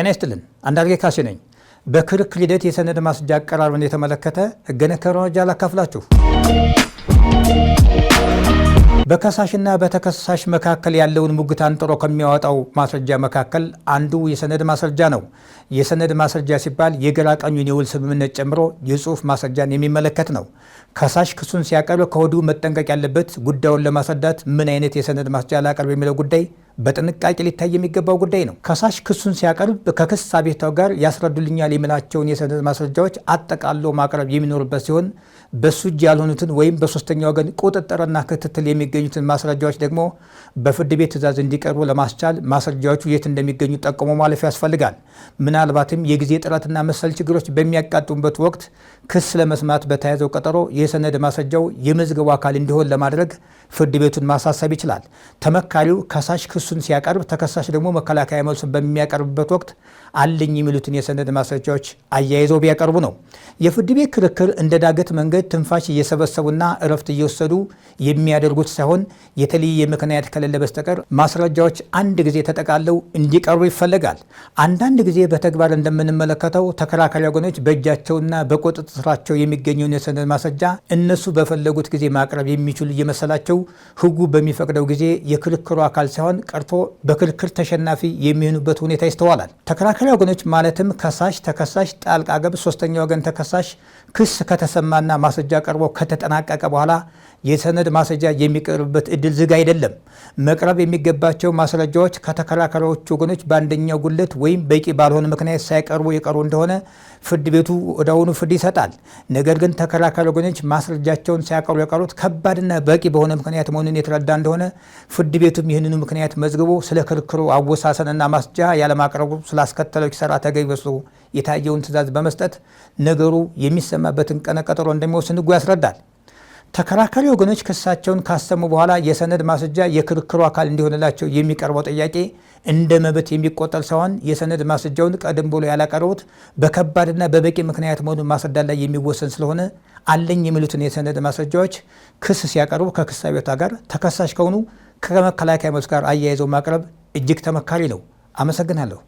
ጤና ይስጥልን። አንዳርጌ ካሴ ነኝ። በክርክር ሂደት የሰነድ ማስረጃ አቀራረብን የተመለከተ ሕገ ነክ መረጃ ላካፍላችሁ። በከሳሽና በተከሳሽ መካከል ያለውን ሙግት አንጥሮ ከሚያወጣው ማስረጃ መካከል አንዱ የሰነድ ማስረጃ ነው። የሰነድ ማስረጃ ሲባል የግራ ቀኙን የውል ስምምነት ጨምሮ የጽሁፍ ማስረጃን የሚመለከት ነው። ከሳሽ ክሱን ሲያቀርብ ከወዲሁ መጠንቀቅ ያለበት ጉዳዩን ለማስረዳት ምን አይነት የሰነድ ማስረጃ ላቀርብ የሚለው ጉዳይ በጥንቃቄ ሊታይ የሚገባው ጉዳይ ነው። ከሳሽ ክሱን ሲያቀርብ ከክስ አቤታው ጋር ያስረዱልኛል የሚላቸውን የሰነድ ማስረጃዎች አጠቃሎ ማቅረብ የሚኖርበት ሲሆን በሱ እጅ ያልሆኑትን ወይም በሶስተኛ ወገን ቁጥጥርና ክትትል የሚገኙትን ማስረጃዎች ደግሞ በፍርድ ቤት ትዕዛዝ እንዲቀርቡ ለማስቻል ማስረጃዎቹ የት እንደሚገኙ ጠቁሞ ማለፍ ያስፈልጋል። ምናልባትም የጊዜ ጥረትና መሰል ችግሮች በሚያጋጥሙበት ወቅት ክስ ለመስማት በተያዘው ቀጠሮ የሰነድ ማስረጃው የመዝገቡ አካል እንዲሆን ለማድረግ ፍርድ ቤቱን ማሳሰብ ይችላል። ተመካሪው ከሳሽ ክሱን ሲያቀርብ፣ ተከሳሽ ደግሞ መከላከያ መልሱን በሚያቀርብበት ወቅት አለኝ የሚሉትን የሰነድ ማስረጃዎች አያይዘው ቢያቀርቡ ነው። የፍርድ ቤት ክርክር እንደ ዳገት መንገድ ትንፋሽ እየሰበሰቡና እረፍት እየወሰዱ የሚያደርጉት ሳይሆን የተለየ ምክንያት ከሌለ በስተቀር ማስረጃዎች አንድ ጊዜ ተጠቃለው እንዲቀርቡ ይፈለጋል። አንዳንድ ጊዜ በተግባር እንደምንመለከተው ተከራካሪ ወገኖች በእጃቸውና በቁጥጥ ስራቸው የሚገኘውን የሰነድ ማስረጃ እነሱ በፈለጉት ጊዜ ማቅረብ የሚችሉ እየመሰላቸው ህጉ በሚፈቅደው ጊዜ የክርክሩ አካል ሳይሆን ቀርቶ በክርክር ተሸናፊ የሚሆኑበት ሁኔታ ይስተዋላል። ተከራካሪ ወገኖች ማለትም ከሳሽ፣ ተከሳሽ፣ ጣልቃ ገብ፣ ሶስተኛ ወገን ተከሳሽ ክስ ከተሰማና ማስረጃ ቀርቦ ከተጠናቀቀ በኋላ የሰነድ ማስረጃ የሚቀርብበት እድል ዝግ አይደለም። መቅረብ የሚገባቸው ማስረጃዎች ከተከራካሪዎች ወገኖች በአንደኛው ጉለት ወይም በቂ ባልሆነ ምክንያት ሳይቀርቡ የቀሩ እንደሆነ ፍርድ ቤቱ ወዲያውኑ ፍርድ ይሰጣል። ይጠይቃል። ነገር ግን ተከላካይ ወገኖች ማስረጃቸውን ሲያቀሩ የቀሩት ከባድና በቂ በሆነ ምክንያት መሆኑን የተረዳ እንደሆነ ፍርድ ቤቱም ይህንኑ ምክንያት መዝግቦ ስለ ክርክሩ አወሳሰንና ማስጃ ያለማቅረቡ ስላስከተለው ኪሳራ ተገቢ የታየውን ትዕዛዝ በመስጠት ነገሩ የሚሰማበትን ቀነ ቀጠሮ እንደሚወስን ሕጉ ያስረዳል። ተከራካሪ ወገኖች ክሳቸውን ካሰሙ በኋላ የሰነድ ማስረጃ የክርክሩ አካል እንዲሆንላቸው የሚቀርበው ጥያቄ እንደ መብት የሚቆጠር ሳይሆን የሰነድ ማስረጃውን ቀደም ብሎ ያላቀረቡት በከባድና በበቂ ምክንያት መሆኑን ማስረዳት ላይ የሚወሰን ስለሆነ አለኝ የሚሉትን የሰነድ ማስረጃዎች ክስ ሲያቀርቡ ከክስ አቤቱታ ጋር ተከሳሽ ከሆኑ ከመከላከያ መብት ጋር አያይዘው ማቅረብ እጅግ ተመካሪ ነው። አመሰግናለሁ።